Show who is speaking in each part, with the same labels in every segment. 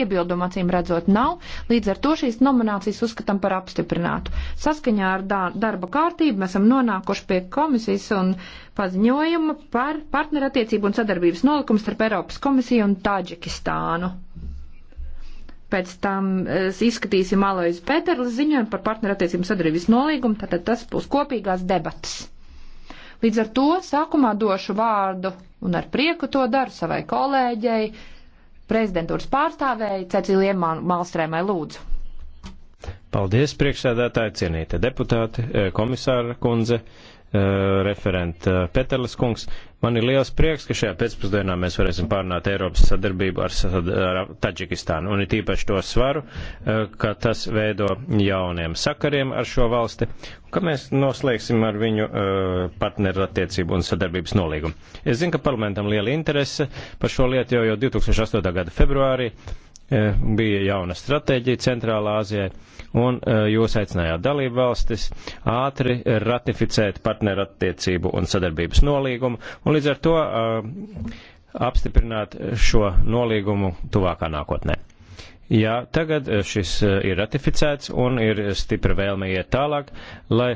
Speaker 1: Iebildumu acīm redzot nav, līdz ar to šīs nominācijas uzskatām par apstiprinātu. Saskaņā ar darba kārtību mēs esam nonākuši pie komisijas un paziņojuma par partnerattiecību un sadarbības nolikumu starp Eiropas komisiju un Taģikistānu. Pēc tam izskatīsim Aloizu Pēterles ziņojumu par partnerattiecību sadarbības nolīgumu, tātad tas būs kopīgās debatas. Līdz ar to sākumā došu vārdu un ar prieku to daru savai kolēģei prezidentūras pārstāvēja Cecilija Malstrēmai lūdzu.
Speaker 2: Paldies, priekšsēdētāji, cienītie deputāti, eh, komisāra kundze. Eh, referenta eh, Peterlis kungs. Man ir liels prieks, ka šajā pēcpusdienā mēs varēsim pārnāt Eiropas sadarbību ar, ar Taģikistānu, un it īpaši to svaru, eh, ka tas veido jauniem sakariem ar šo valsti, ka mēs noslēgsim ar viņu partneru attiecību un sadarbības nolīgumu. Es zinu, ka parlamentam liela interese par šo lietu jau, jau 2008. gada februārī E, bija jauna stratēģija Centrālā Āzijai, un e, jūs aicinājāt dalību valstis ātri ratificēt partnerattiecību un sadarbības nolīgumu, un līdz ar to e, apstiprināt šo nolīgumu tuvākā nākotnē. Jā, tagad šis ir ratificēts un ir stipra vēlme iet tālāk, lai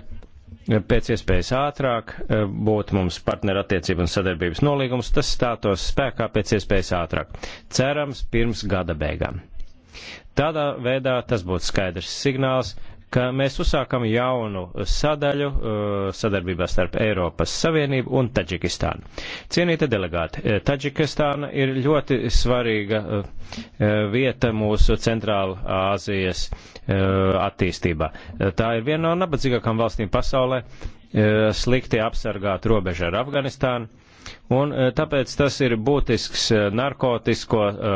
Speaker 2: pēc iespējas ātrāk eh, būtu mums partnerattiecību un sadarbības nolīgums, tas stātos spēkā pēc iespējas ātrāk. Cerams, pirms gada beigām. Tādā veidā tas būtu skaidrs signāls ka mēs uzsākam jaunu sadaļu uh, sadarbībā starp Eiropas Savienību un Taģikistānu. Cienīta delegāti, eh, Taģikistāna ir ļoti svarīga uh, eh, vieta mūsu centrāla Āzijas eh, attīstībā. Tā ir viena no nabadzīgākām valstīm pasaulē, slikti apsargāt robežu ar Afganistānu Un eh, tāpēc tas ir būtisks eh, narkotisko uh,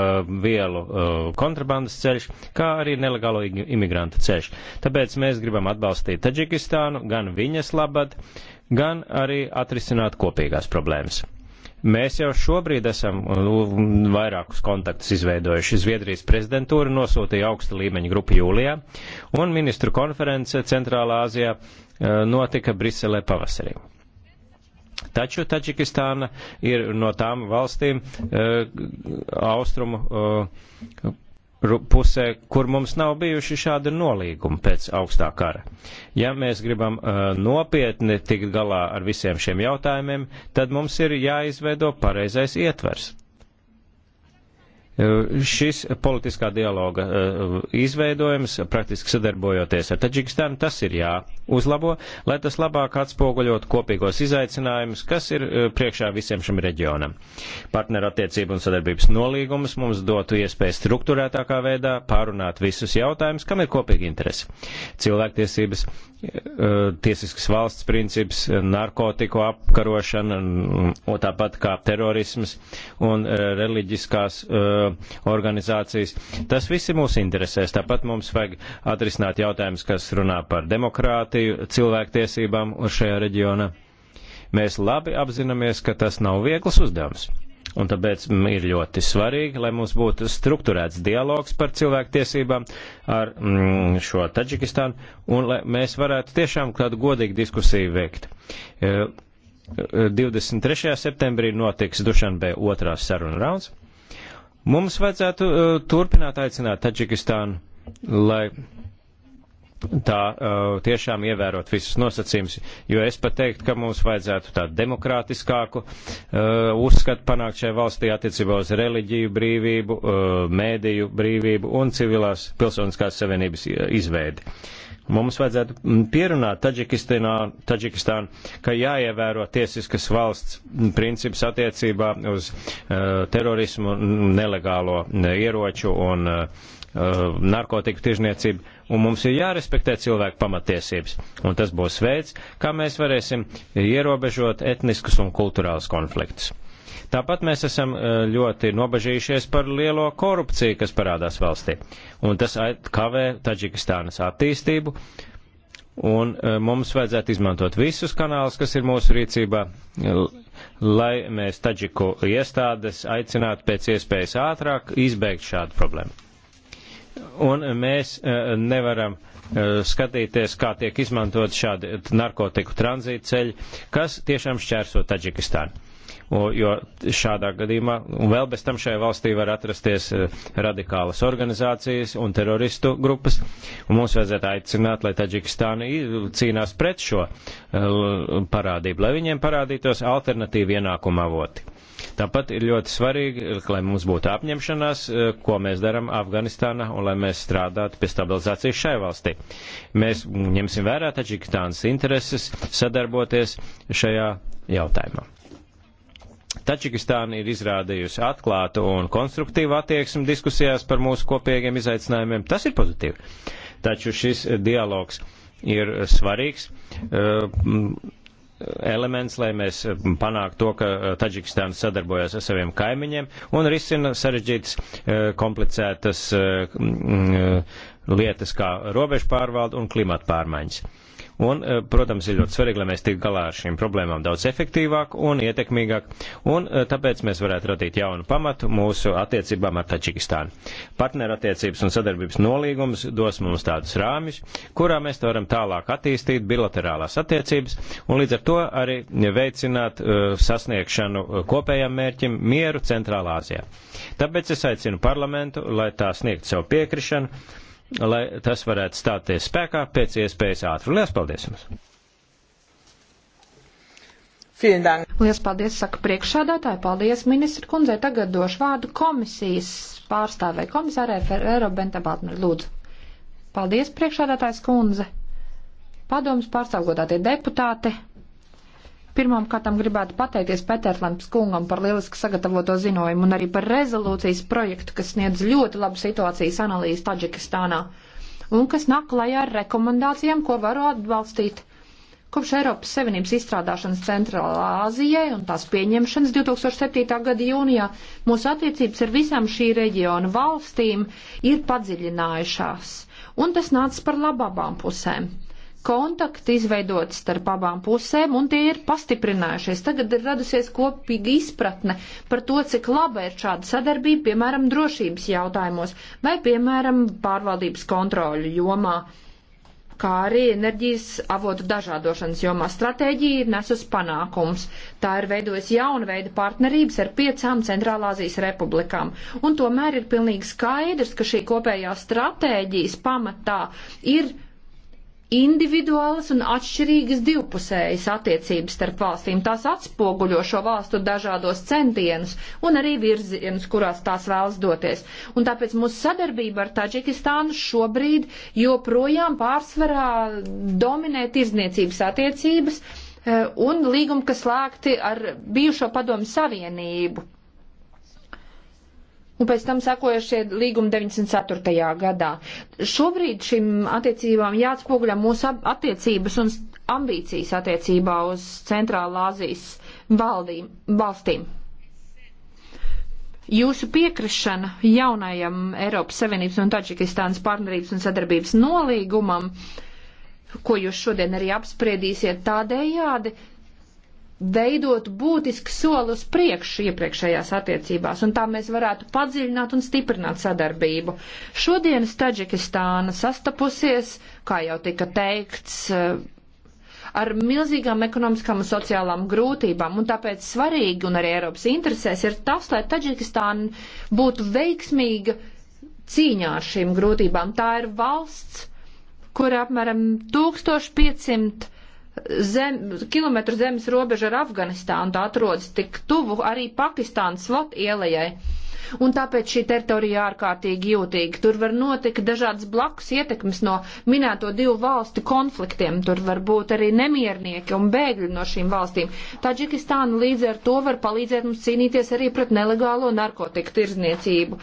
Speaker 2: vielu uh, kontrabandas ceļš, kā arī nelegālo imigrantu ceļš. Tāpēc mēs gribam atbalstīt Taģikistānu gan viņas labad, gan arī atrisināt kopīgās problēmas. Mēs jau šobrīd esam vairākus kontaktus izveidojuši. Zviedrijas prezidentūra nosūtīja augsta līmeņa grupu jūlijā, un ministru konference Centrālā Āzijā notika Briselē pavasarī. Taču Taģikistāna ir no tām valstīm eh, austrumu eh, pusē, kur mums nav bijuši šādi nolīgumi pēc augstā kara. Ja mēs gribam eh, nopietni tikt galā ar visiem šiem jautājumiem, tad mums ir jāizveido pareizais ietvers. Eh, šis politiskā dialoga eh, izveidojums, praktiski sadarbojoties ar Taģikistānu, tas ir jāuzlabo, lai tas labāk atspoguļot kopīgos izaicinājumus, kas ir eh, priekšā visiem šim reģionam. Partnerattiecību un sadarbības nolīgums mums dotu iespēju struktūrētākā veidā pārunāt visus jautājumus, kam ir kopīgi interesi. Cilvēktiesības, tiesiskas valsts princips, narkotiku apkarošana, un mm, tāpat kā terorisms un reliģiskās organizācijas. Tas visi mūs interesēs. Tāpat mums vajag atrisināt jautājumus, kas runā par demokrātiju, cilvēktiesībām uz šajā reģiona. Mēs labi apzināmies, ka tas nav viegls uzdevums. Un tāpēc ir ļoti svarīgi, lai mums būtu struktūrēts dialogs par cilvēktiesībām ar mm, šo Taģikistānu, un lai mēs varētu tiešām kādu godīgu diskusiju veikt. Eh, eh, 23. septembrī notiks Dušanbē otrās saruna rauns, Mums vajadzētu uh, turpināt aicināt Taģikistānu, lai tā uh, tiešām ievērot visus nosacījumus, jo es pat teiktu, ka mums vajadzētu tādu demokrātiskāku uh, uzskatu panākt šajā valstī attiecībā uz reliģiju brīvību, uh, mēdīju brīvību un civilās pilsoniskās savienības uh, izveidi. Uh, Mums vajadzētu mm, pierunāt Taģikistānu, ka jāievēro tiesiskas valsts mm, princips attiecībā uz uh, terorismu, nelegālo ieroču un uh, narkotiku tirzniecību, un mums ir jārespektē cilvēku pamatiesības. Un tas būs veids, kā mēs varēsim ierobežot etniskus un kulturālus konfliktus. Tāpat mēs esam eh, ļoti nobažījušies par lielo korupciju, kas parādās valstī. Un tas kavē Taģikistānas attīstību. Un eh, mums vajadzētu izmantot visus kanālus, kas ir mūsu rīcībā, lai mēs Taģiku iestādes aicinātu pēc iespējas ātrāk izbeigt šādu problēmu. Un mēs eh, nevaram skatīties, kā tiek izmantot šādi narkotiku tranzītceļi, kas tiešām šķērso Taģikistānu jo šādā gadījumā, un vēl bez tam šajā valstī var atrasties e, radikālas organizācijas un teroristu grupas, un mums vajadzētu aicināt, lai Taģikistāna cīnās pret šo e, parādību, lai viņiem parādītos alternatīvi ienākuma avoti. Tāpat ir ļoti svarīgi, lai mums būtu apņemšanās, e, ko mēs darām Afganistānā un lai mēs strādātu pie stabilizācijas šai valstī. Mēs ņemsim vērā Taģikistānas intereses sadarboties šajā jautājumā. Tačikistāna ir izrādījusi atklātu un konstruktīvu attieksmi diskusijās par mūsu kopīgiem izaicinājumiem. Tas ir pozitīvi. Taču šis dialogs ir svarīgs eh, elements, lai mēs panāktu to, ka Taģikistāna sadarbojas ar saviem kaimiņiem un risina sarežģītas, eh, komplicētas eh, lietas kā robežu pārvalda un klimata pārmaiņas. Un, eh, protams, ir ļoti svarīgi, lai mēs tiktu galā ar šīm problēmām daudz efektīvāk un ietekmīgāk, un eh, tāpēc mēs varētu radīt jaunu pamatu mūsu attiecībām ar Tačikistānu. Partnerattiecības un sadarbības nolīgums dos mums tādus rāmis, kurā mēs varam tālāk attīstīt bilaterālās attiecības un līdz ar to arī veicināt eh, sasniegšanu kopējam mērķim mieru Centrālā Azijā. Tāpēc es aicinu parlamentu, lai tā sniegtu savu piekrišanu lai tas varētu stāties spēkā pēc iespējas ātri. Lielas paldies jums!
Speaker 1: Lielas paldies, saka priekšsādātāji, paldies ministri kundzei. Tagad došu vārdu komisijas pārstāvē komisārē Ferrero Bentabātner. Lūdzu. Paldies, priekšsādātājs kundze. Padomas pārstāvgotātie deputāti. Pirmām kārtām gribētu pateikties Peterlands kungam par lieliski sagatavoto zinojumu un arī par rezolūcijas projektu, kas sniedz ļoti labu situācijas analīzi Taģikistānā un kas nāk klajā ar rekomendācijām, ko varu atbalstīt. Kopš Eiropas Savienības izstrādāšanas Centrālā Āzijai un tās pieņemšanas 2007. gada jūnijā mūsu attiecības ar visām šī reģiona valstīm ir padziļinājušās, un tas nāca par labām pusēm kontakti izveidoti starp abām pusēm, un tie ir pastiprinājušies. Tagad ir radusies kopīga izpratne par to, cik laba ir šāda sadarbība, piemēram, drošības jautājumos vai, piemēram, pārvaldības kontroļu jomā, kā arī enerģijas avotu dažādošanas jomā. Stratēģija ir nesus panākums. Tā ir veidojas jauna veida partnerības ar piecām Centrālāzijas republikām. Un tomēr ir pilnīgi skaidrs, ka šī kopējā stratēģijas pamatā ir individuālas un atšķirīgas divpusējas attiecības starp valstīm. Tās atspoguļo šo valstu dažādos centienus un arī virzienus, kurās tās vēlas doties. Un tāpēc mūsu sadarbība ar Taģikistānu šobrīd joprojām pārsvarā dominē tirzniecības attiecības eh, un līgumi, kas slēgti ar bijušo padomu savienību un pēc tam sakoja šie līgumi 94. gadā. Šobrīd šīm attiecībām jāatspoguļa mūsu attiecības un ambīcijas attiecībā uz Centrālā Azijas valdīm, valstīm. Jūsu piekrišana jaunajam Eiropas Savienības un Taģikistānas partnerības un sadarbības nolīgumam, ko jūs šodien arī apspriedīsiet tādējādi, veidot būtisku soli uz priekšu iepriekšējās attiecībās, un tā mēs varētu padziļināt un stiprināt sadarbību. Šodienas Taģikistāna sastapusies, kā jau tika teikts, ar milzīgām ekonomiskām un sociālām grūtībām, un tāpēc svarīgi un arī Eiropas interesēs ir tas, lai Taģikistāna būtu veiksmīga cīņā ar šīm grūtībām. Tā ir valsts, kur apmēram 1500 zem, kilometru zemes robeža ar Afganistānu, tā atrodas tik tuvu arī Pakistānas slot ielai. Un tāpēc šī teritorija ārkārtīgi jūtīga. Tur var notikt dažādas blakus ietekmes no minēto divu valstu konfliktiem. Tur var būt arī nemiernieki un bēgļi no šīm valstīm. Taģikistāna līdz ar to var palīdzēt mums cīnīties arī pret nelegālo narkotiku tirzniecību.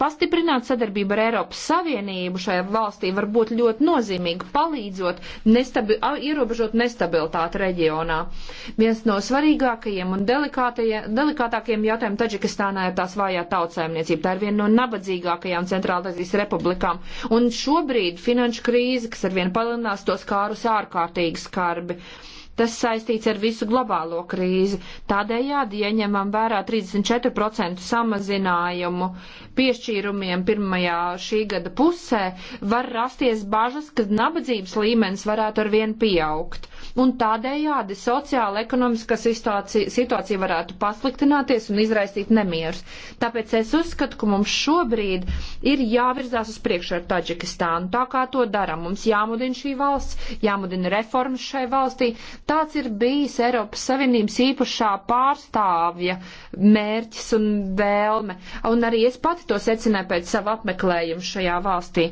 Speaker 1: Pastiprināt sadarbību ar Eiropas Savienību šajā valstī var būt ļoti nozīmīgi, palīdzot nestabi ierobežot nestabilitāti reģionā. Viens no svarīgākajiem un delikātākajiem jautājumiem Taģikistānā ir tās vājā tautsēmniecība. Tā ir viena no nabadzīgākajām Centrālazijas republikām. Un šobrīd finanšu krīze, kas arvien palielinās, to skārus ārkārtīgi skarbi. Uh, Tas saistīts ar visu globālo krīzi. Tādējādi, ja ņemam vērā 34% samazinājumu piešķīrumiem pirmajā šī gada pusē, var rasties bažas, ka nabadzības līmenis varētu ar vienu pieaugt un tādējādi sociāla ekonomiskā situācija, situācija varētu pasliktināties un izraisīt nemierus. Tāpēc es uzskatu, ka mums šobrīd ir jāvirzās uz priekšu ar Taģikistānu. Tā kā to daram, mums jāmudina šī valsts, jāmudina reformas šai valstī. Tāds ir bijis Eiropas Savienības īpašā pārstāvja mērķis un vēlme. Un arī es pati to secināju pēc savu apmeklējumu šajā valstī.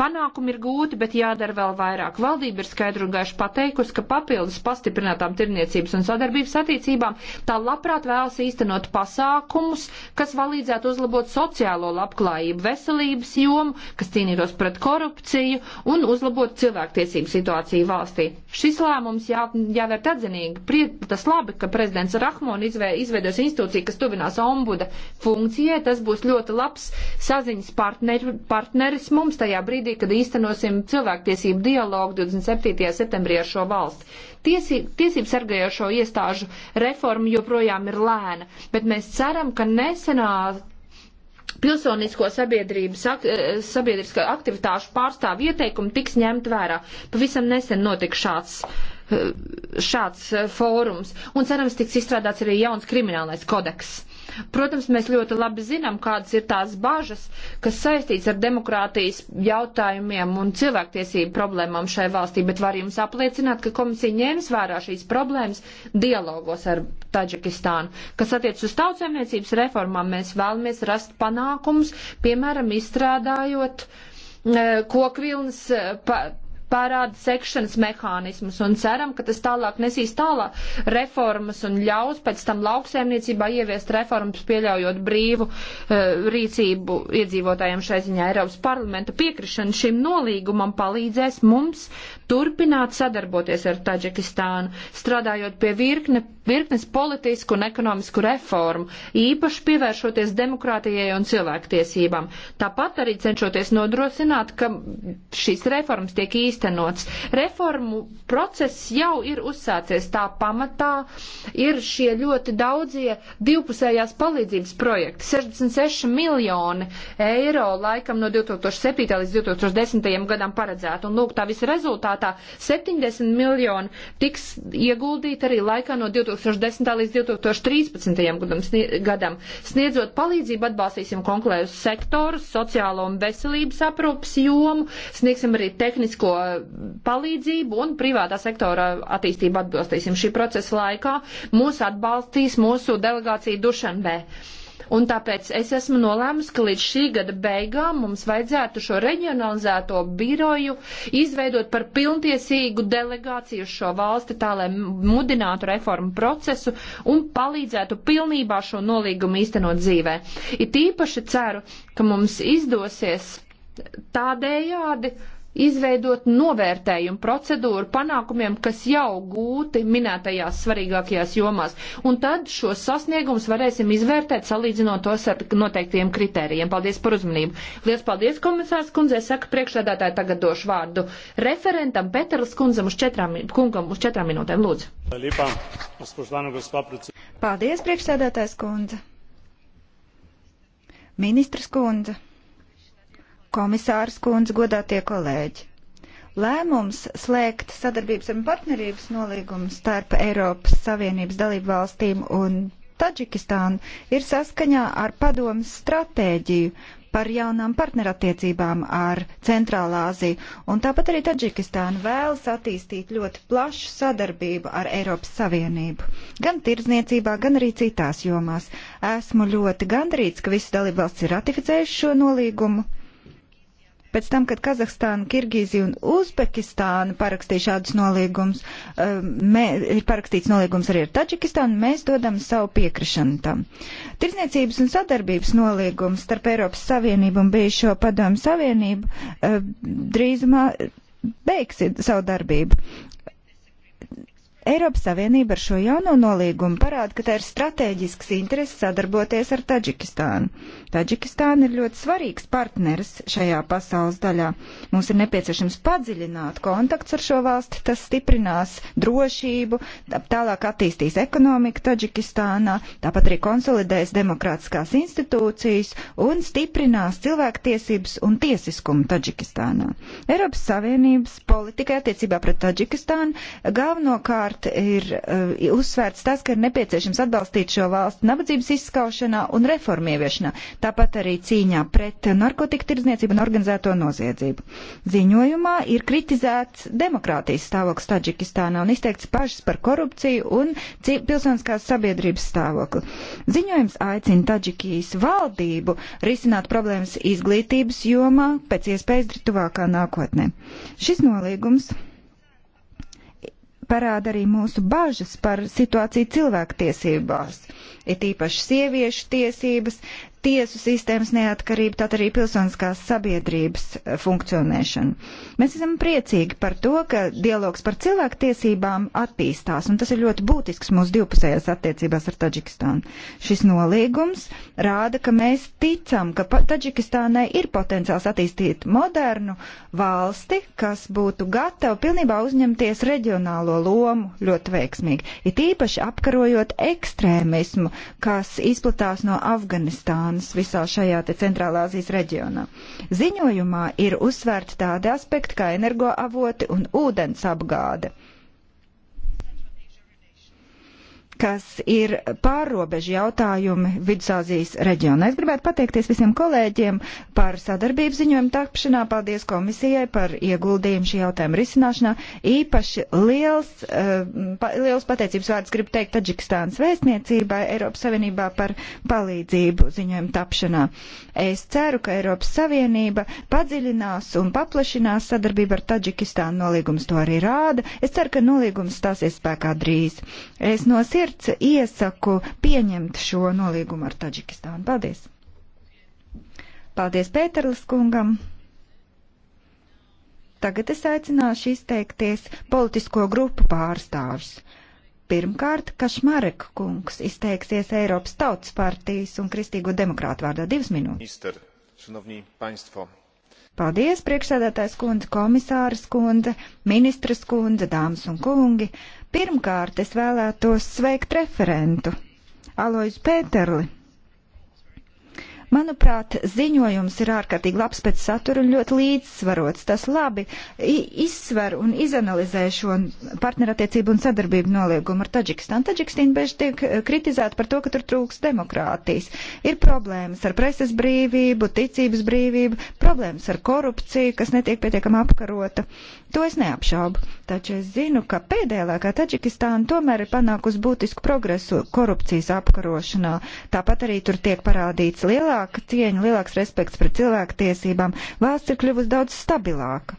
Speaker 1: Panākumi ir gūti, bet jādara vēl vairāk. Valdība ir skaidri un gaiši pateikusi, ka papildus pastiprinātām tirniecības un sadarbības attiecībām tā labprāt vēlas īstenot pasākumus, kas palīdzētu uzlabot sociālo labklājību, veselības jomu, kas cīnītos pret korupciju un uzlabot cilvēktiesību situāciju valstī. Šis lēmums jā, jāvērt atzinīgi. Prie, tas labi, ka prezidents Rahmon izvē, izveidos institūciju, kas tuvinās ombuda funkcijai. Tas būs ļoti labs saziņas partner, partneris mums tajā brīdī brīdī, kad īstenosim cilvēktiesību dialogu 27. septembrī ar šo valsti. Tiesi, tiesību sargājošo iestāžu reforma joprojām ir lēna, bet mēs ceram, ka nesenā pilsonisko sabiedrības, ak, eh, sabiedriskā aktivitāšu pārstāvu ieteikumi tiks ņemt vērā. Pavisam nesen notika šāds, eh, šāds eh, fórums, un cerams tiks izstrādāts arī jauns kriminālais kodeks. Protams, mēs ļoti labi zinām, kādas ir tās bažas, kas saistīts ar demokrātijas jautājumiem un cilvēktiesību problēmām šai valstī, bet var jums apliecināt, ka komisija ņēmis vērā šīs problēmas dialogos ar Taģikistānu. Kas attiec uz tautsēmniecības reformām, mēs vēlamies rast panākumus, piemēram, izstrādājot eh, kokvilnas eh, pa, parāda sekšanas mehānismus un ceram, ka tas tālāk nesīs tālāk reformas un ļaus pēc tam lauksēmniecībā ieviest reformas, pieļaujot brīvu uh, rīcību iedzīvotājiem šai ziņā. Eiropas parlamenta piekrišana šim nolīgumam palīdzēs mums turpināt sadarboties ar Taģikistānu, strādājot pie virkne, virknes politisku un ekonomisku reformu, īpaši pievēršoties demokrātijai un cilvēktiesībām. Tāpat arī cenšoties nodrošināt, ka šīs reformas tiek īstenots. Reformu process jau ir uzsācies tā pamatā, ir šie ļoti daudzie divpusējās palīdzības projekti - 66 miljoni eiro laikam no 2007. līdz 2010. gadam paredzētu. Un lūk, tā visa rezultāta rezultātā 70 miljoni tiks ieguldīti arī laikā no 2010. līdz 2013. gadam. Sniedzot palīdzību atbalstīsim konkrētus sektorus, sociālo un veselības aprūpas jomu, sniegsim arī tehnisko palīdzību un privātā sektora attīstību atbalstīsim šī procesa laikā. Mūs atbalstīs mūsu delegācija Dušanbē. Un tāpēc es esmu nolēmusi, ka līdz šī gada beigām mums vajadzētu šo reģionalizēto biroju izveidot par pilntiesīgu delegāciju uz šo valsti, tā lai mudinātu reformu procesu un palīdzētu pilnībā šo nolīgumu īstenot dzīvē. It īpaši ceru, ka mums izdosies tādējādi izveidot novērtējumu procedūru panākumiem, kas jau gūti minētajās svarīgākajās jomās. Un tad šos sasniegumus varēsim izvērtēt, salīdzinot tos ar noteiktiem kritērijiem. Paldies par uzmanību. Lielas paldies, komisārs kundze. Es saku priekšsēdētāji tagad došu vārdu referentam Peterls kundzam uz četrām,
Speaker 3: kungam uz četrām minūtēm. Lūdzu. Paldies, priekšsēdētājs kundze. Ministrs kundze komisārs kundze, godātie kolēģi! Lēmums slēgt sadarbības un partnerības nolīgumu starp Eiropas Savienības dalību valstīm un Taģikistānu ir saskaņā ar padomas stratēģiju par jaunām partnerattiecībām ar Centrālā Aziju, un tāpat arī Taģikistāna vēlas attīstīt ļoti plašu sadarbību ar Eiropas Savienību, gan tirdzniecībā, gan arī citās jomās. Esmu ļoti gandrīts, ka visas dalībvalsts ir ratificējuši šo nolīgumu Pēc tam, kad Kazahstāna, Kirgīzija un Uzbekistāna parakstīja šādus nolīgumus, um, ir parakstīts nolīgums arī ar Taģikistānu, mēs dodam savu piekrišanu tam. Tirzniecības un sadarbības nolīgums starp Eiropas Savienību un bijušo padomu Savienību uh, drīzumā beigsi savu darbību. Eiropas Savienība ar šo jauno nolīgumu parāda, ka tā ir strateģisks interesi sadarboties ar Taģikistānu. Taģikistāna ir ļoti svarīgs partneris šajā pasaules daļā. Mums ir nepieciešams padziļināt kontakts ar šo valsti, tas stiprinās drošību, tālāk attīstīs ekonomiku Taģikistānā, tāpat arī konsolidēs demokrātiskās institūcijas un stiprinās cilvēktiesības un tiesiskumu Taģikistānā. Eiropas Savienības politikai attiecībā pret Taģikistānu galvenokārt Savukārt ir uh, uzsvērts tas, ka ir nepieciešams atbalstīt šo valstu nabadzības izskaušanā un reformu ieviešanā, tāpat arī cīņā pret narkotika tirdzniecību un organizēto noziedzību. Ziņojumā ir kritizēts demokrātijas stāvoklis Taģikistānā un izteikts pašas par korupciju un pilsoniskās sabiedrības stāvokli. Ziņojums aicina Taģikijas valdību risināt problēmas izglītības jomā pēc iespējas tuvākā nākotnē. Šis nolīgums parāda arī mūsu bažas par situāciju cilvēktiesībās. Ir īpaši sieviešu tiesības, tiesu sistēmas neatkarība, tad arī pilsoniskās sabiedrības eh, funkcionēšana. Mēs esam priecīgi par to, ka dialogs par cilvēktiesībām attīstās, un tas ir ļoti būtisks mūsu divpusējās attiecībās ar Taģikistānu. Šis nolīgums rāda, ka mēs ticam, ka Taģikistānai ir potenciāls attīstīt modernu valsti, kas būtu gatava pilnībā uzņemties reģionālo lomu ļoti veiksmīgi, it īpaši apkarojot ekstrēmismu, kas izplatās no Afganistānas visā šajā te centrālā Azijas reģionā. Ziņojumā ir uzsvērta tāda aspekta, kā energoavoti un ūdens apgāde kas ir pārrobežu jautājumi Vidusāzijas reģionā. Es gribētu pateikties visiem kolēģiem par sadarbību ziņojumu tapšanā, paldies komisijai par ieguldījumu šī jautājuma risināšanā. Īpaši liels, uh, pa, liels pateicības vārds gribu teikt Taģikistānas vēstniecībai Eiropas Savienībā par palīdzību ziņojumu tapšanā. Es ceru, ka Eiropas Savienība padziļinās un paplašinās sadarbību ar Taģikistānu. Nolīgums to arī rāda. Es ceru, ka nolīgums stāsies spēkā drīz. Es no sirds sirds iesaku pieņemt šo nolīgumu ar Taģikistānu. Paldies! Paldies Pēterlis kungam! Tagad es aicināšu izteikties politisko grupu pārstāvis. Pirmkārt, Kašmarek kungs izteiksies Eiropas Tautas partijas un Kristīgo demokrātu vārdā divas minūtes.
Speaker 2: Minister, šanovnī, paņstvo.
Speaker 3: Paldies, priekšsēdētājs kundze, komisāras kundze, ministras kundze, dāmas un kungi. Pirmkārt, es vēlētos sveikt referentu Aloizu Pēterli. Manuprāt, ziņojums ir ārkārtīgi labs pēc satura un ļoti līdzsvarots. Tas labi izsver un izanalizē šo partnerattiecību un sadarbību noliegumu ar Taģikistānu. Taģikistāna bieži tiek eh, kritizēta par to, ka tur trūks demokrātijas. Ir problēmas ar preses brīvību, ticības brīvību, problēmas ar korupciju, kas netiek pietiekami apkarota. To es neapšaubu, taču es zinu, ka pēdējā laikā Taģikistāna tomēr ir panākusi būtisku progresu korupcijas apkarošanā. Tāpat arī tur tiek parādīts lielāka cieņa, lielāks respekts pret cilvēktiesībām. Valsts ir kļuvusi daudz stabilāka.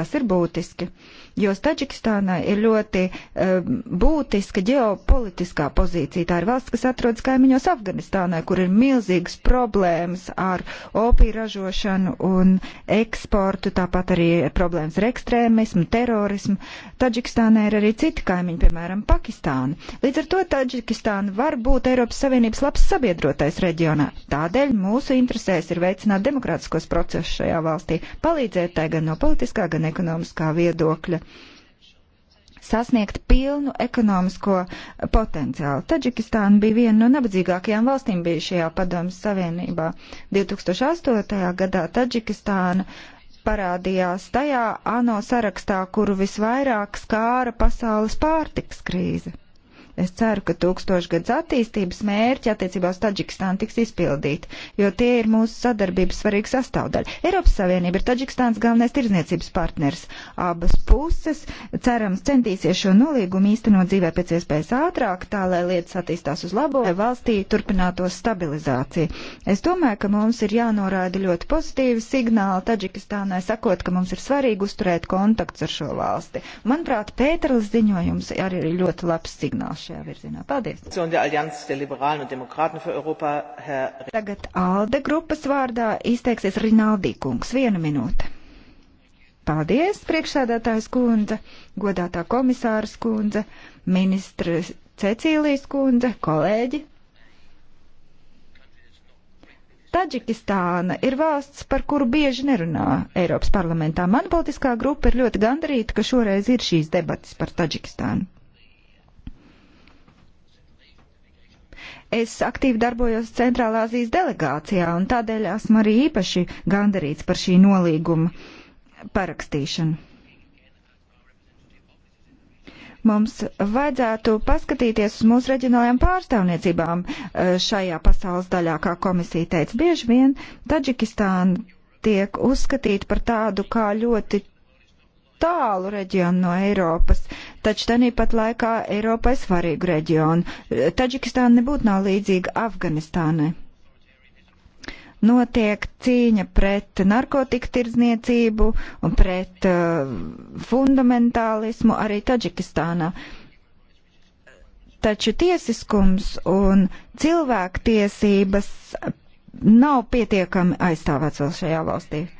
Speaker 3: Tas ir būtiski. Uh, jo Taģikistānai ir ļoti um, būtiska ģeopolitiskā pozīcija. Tā ir valsts, kas atrodas kaimiņos Afganistānai, kur ir milzīgas problēmas ar opiju ražošanu un eksportu, tāpat arī problēmas ar ekstrēmismu, terorismu. Taģikistānai ir arī citi kaimiņi, piemēram, Pakistāna. Līdz ar to Taģikistāna var būt Eiropas Savienības labs sabiedrotais reģionā. Tādēļ mūsu interesēs ir veicināt demokrātiskos procesus šajā valstī, palīdzēt tai gan no politiskā, gan ekonomiskā viedokļa sasniegt pilnu ekonomisko potenciālu. Taģikistāna bija viena no nabadzīgākajām valstīm bijušajā padomas savienībā. 2008. gadā Taģikistāna parādījās tajā ANO sarakstā, kuru visvairāk skāra pasaules pārtiks krīze. Es ceru, ka tūkstošgads attīstības mērķi attiecībā uz Taģikistānu tiks izpildīti, jo tie ir mūsu sadarbības svarīga sastāvdaļa. Eiropas Savienība ir Taģikistāns galvenais tirzniecības partners. Abas puses, cerams, centīsies šo nolīgumu īstenot dzīvē pēc iespējas ātrāk, tā lai lietas attīstās uz labo, lai valstī turpinātos stabilizācija. Es domāju, ka mums ir jānorāda ļoti pozitīvi signāli Taģikistānai, sakot, ka mums ir svarīgi uzturēt kontakts ar šo valsti. Manuprāt, Pēterlis ziņojums arī ir ļoti labs signāls šajā virzienā. Paldies! Tagad ALDE grupas vārdā izteiksies Rinaldī kungs. Viena minūte. Paldies, priekšsēdētājs kundze, godātā komisāras kundze, ministrs Cecīlijas kundze, kolēģi. Taģikistāna ir valsts, par kuru bieži nerunā Eiropas parlamentā. Man politiskā grupa ir ļoti gandarīta, ka šoreiz ir šīs debatas par Taģikistānu. Es aktīvi darbojos Centrālā Azijas delegācijā un tādēļ esmu arī īpaši gandarīts par šī nolīguma parakstīšanu mums vajadzētu paskatīties uz mūsu reģionālajām pārstāvniecībām eh, šajā pasaules daļā, kā komisija teica. Bieži vien Taģikistāna tiek uzskatīta par tādu kā ļoti tālu reģionu no Eiropas, taču tāpat laikā Eiropai svarīgu reģionu. Taģikistāna nebūtu nav līdzīga Afganistānai. Notiek cīņa pret narkotiku tirdzniecību un pret uh, fundamentālismu arī Taģikistānā. Taču tiesiskums un cilvēktiesības nav pietiekami aizstāvēts vēl šajā valstī. Uh,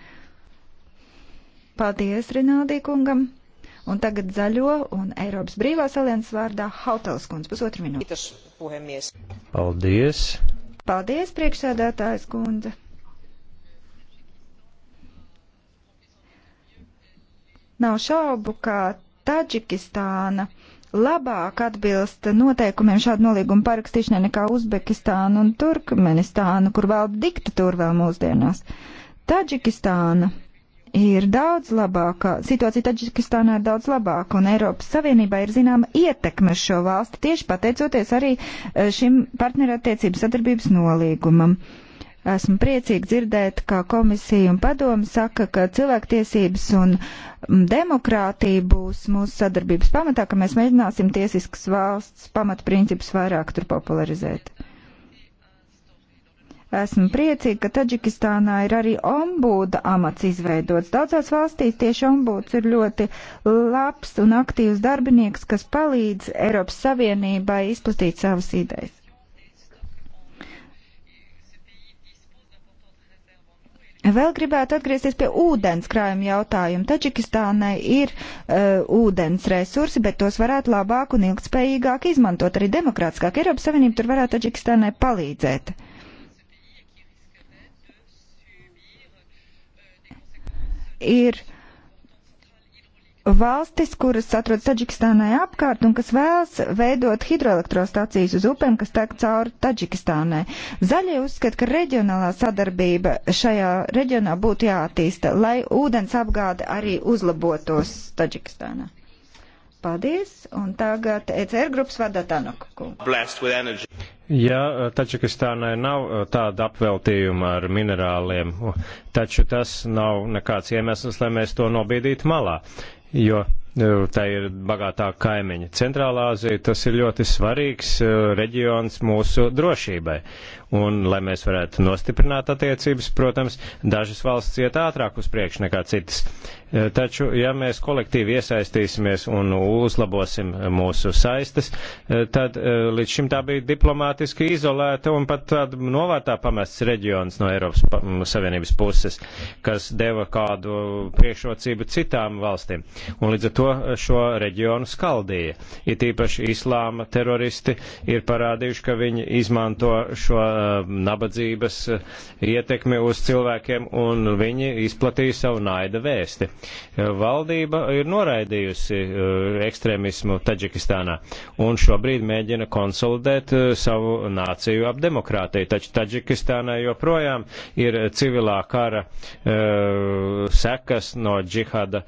Speaker 3: Paldies Rinaldī kungam! Un tagad zaļo un Eiropas brīvās alianses vārdā Hautels kundze, pusotru minūti.
Speaker 2: Paldies!
Speaker 3: Paldies, priekšsēdētājs kundze! Nav šaubu, ka Taģikistāna labāk atbilst noteikumiem šādu nolīgumu parakstīšanai nekā Uzbekistāna un Turkmenistāna, kur valda diktatūra vēl mūsdienās. Taģikistāna ir daudz labāka, situācija Taģikistānā ir daudz labāka, un Eiropas Savienībā ir zināma ietekme šo valsti tieši pateicoties arī eh, šim partnerattiecības sadarbības nolīgumam. Esmu priecīgi dzirdēt, kā komisija un padomi saka, ka cilvēktiesības un mm, demokrātija būs mūsu sadarbības pamatā, ka mēs mēģināsim tiesiskas valsts pamatprincipus vairāk tur popularizēt. Esmu priecīga, ka Taģikistānā ir arī ombuda amats izveidots. Daudzās valstīs tieši ombuds ir ļoti labs un aktīvs darbinieks, kas palīdz Eiropas Savienībai izplatīt savas idejas. Vēl gribētu atgriezties pie ūdens krājuma jautājuma. Taģikistānai ir uh, ūdens resursi, bet tos varētu labāk un ilgspējīgāk izmantot arī demokrātiskāk. Eiropas Savienība tur varētu Taģikistānai palīdzēt. Uh, ir valstis, kuras atrodas Taģikistānai apkārt un kas vēlas veidot hidroelektrostacijas uz upēm, kas tek cauri Taģikistānai. Zaļie uzskata, ka reģionālā sadarbība šajā reģionā būtu jātīsta, lai ūdens apgāde arī uzlabotos Taģikistānā. Paldies, un tagad ECR grupas vada Tanuku.
Speaker 2: Ja Tačikistānai nav uh, tāda apveltījuma ar minerāliem, taču tas nav nekāds iemesls, lai mēs to nobīdītu malā, jo uh, tā ir bagātāka kaimiņa. Centrālā Azija tas ir ļoti svarīgs uh, reģions mūsu drošībai. Un, lai mēs varētu nostiprināt attiecības, protams, dažas valsts iet ātrāk uz priekšu nekā citas. E, taču, ja mēs kolektīvi iesaistīsimies un uzlabosim mūsu saistes, e, tad e, līdz šim tā bija diplomātiski izolēta un pat tāda novārtā pamests reģions no Eiropas Savienības puses, kas deva kādu priekšrocību citām valstīm. Un līdz ar to šo reģionu skaldīja. It īpaši islāma teroristi ir parādījuši, ka viņi izmanto šo Um, nabadzības uh, ietekmi uz cilvēkiem, un viņi izplatīja savu naida vēsti. Uh, valdība ir noraidījusi uh, ekstrēmismu Taģikistānā, un šobrīd mēģina konsolidēt savu nāciju ap demokrātiju. Taču Taģikistānā joprojām ir civilā kara sekas no džihada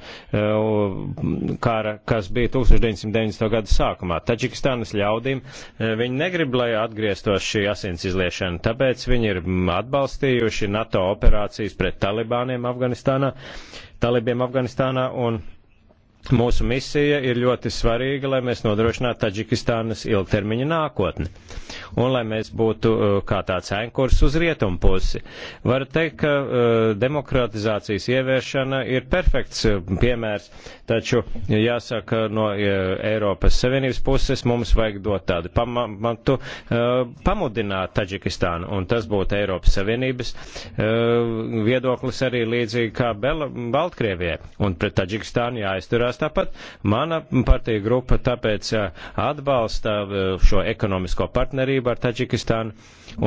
Speaker 2: kara, kas bija 1990. gada sākumā. Taģikistānas ļaudīm viņi negrib, lai atgrieztos šī asins izliešana ievēlēšanu, tāpēc viņi ir atbalstījuši NATO operācijas pret talibāniem Afganistānā, talibiem Afganistānā un Mūsu misija ir ļoti svarīga, lai mēs nodrošinātu Taģikistānas ilgtermiņa nākotni un lai mēs būtu uh, kā tāds ēnkurs uz rietumu pusi. Var teikt, ka uh, demokratizācijas ieviešana ir perfekts uh, piemērs, taču jāsaka, no Eiropas Savienības puses mums vajag dot tādu pamatu pamudināt Taģikistānu, un tas būtu Eiropas Savienības viedoklis arī līdzīgi kā Baltkrievijai, un pret Taģikistānu jāizturās sekmēs. Tāpat mana partija grupa tāpēc eh, atbalsta eh, šo ekonomisko partnerību ar Taģikistānu,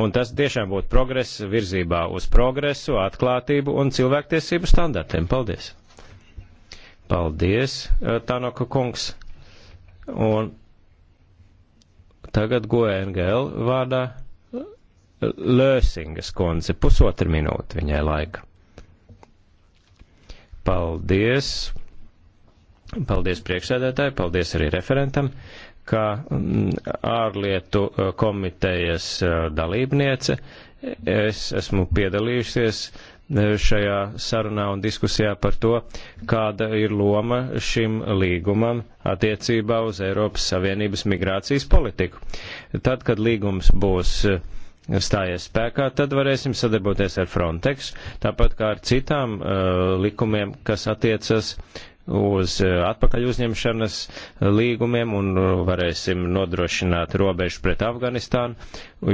Speaker 2: un tas tiešām būtu progress virzībā uz progresu, atklātību un cilvēktiesību standartiem. Paldies! Paldies, eh, Tanoka kungs! Un tagad GoNGL vārdā Lēsingas kundze, pusotru minūti viņai laika. Paldies, Paldies priekšsēdētāji, paldies arī referentam, kā mm, ārlietu eh, komitejas eh, dalībniece. Es esmu piedalījusies eh, šajā sarunā un diskusijā par to, kāda ir loma šim līgumam attiecībā uz Eiropas Savienības migrācijas politiku. Tad, kad līgums būs stājies spēkā, tad varēsim sadarboties ar Frontex, tāpat kā ar citām uh, likumiem, kas attiecas uz eh, atpakaļ uzņemšanas eh, līgumiem un eh, varēsim nodrošināt robežu pret Afganistānu,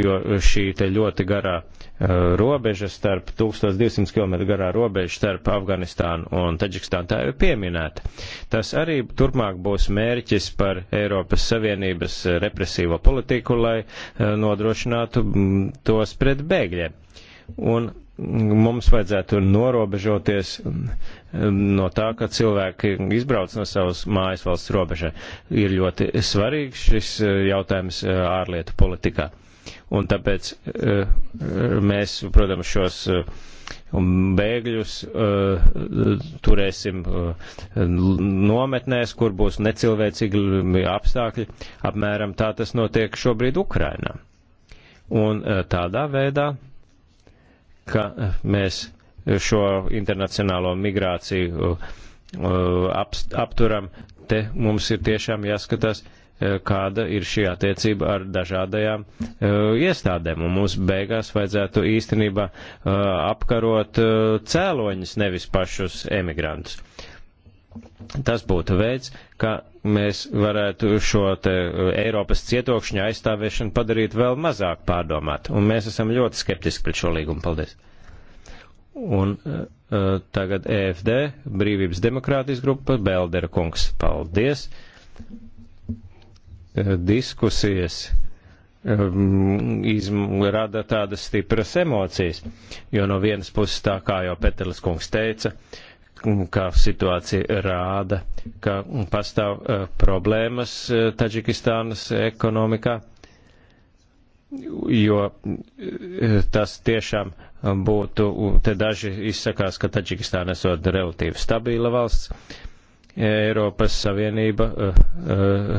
Speaker 2: jo šī te ļoti garā robeža starp 1200 km garā robeža starp Afganistānu un Taģikstānu tā jau pieminēta. Tas arī turpmāk būs mērķis par Eiropas Savienības represīvo politiku, lai nodrošinātu mm, tos pret bēgļiem. Un mums vajadzētu norobežoties no tā, ka cilvēki izbrauc no savas mājas valsts robežai. Ir ļoti svarīgs šis e, jautājums e, ārlietu politikā. Un tāpēc e, mēs, protams, šos bēgļus turēsim nometnēs, kur būs necilvēcīgi apstākļi. Apmēram tā tas notiek šobrīd Ukrainā. Un tādā veidā ka mēs šo internacionālo migrāciju uh, apturam, te mums ir tiešām jāskatās, uh, kāda ir šī attiecība ar dažādajām uh, iestādēm. Un mums beigās vajadzētu īstenībā apkarot cēloņus, nevis pašus emigrantus. Tas būtu veids, kā mēs varētu šo te uh, Eiropas cietokšņu aizstāvēšanu padarīt vēl mazāk pārdomāt. Un mēs esam ļoti skeptiski pret šo līgumu. Paldies. Un uh, uh tagad EFD, Brīvības demokrātijas grupa, Beldera kungs. Paldies. Uh, diskusijas um, rada tādas stipras emocijas, jo no vienas puses tā kā jau Petelis kungs teica, uh, kā situācija rāda, ka pastāv eh, problēmas eh, Taģikistānas ekonomikā, jo eh, tas tiešām būtu, te daži izsakās, ka Taģikistāna esot relatīvi stabila valsts, Eiropas Savienība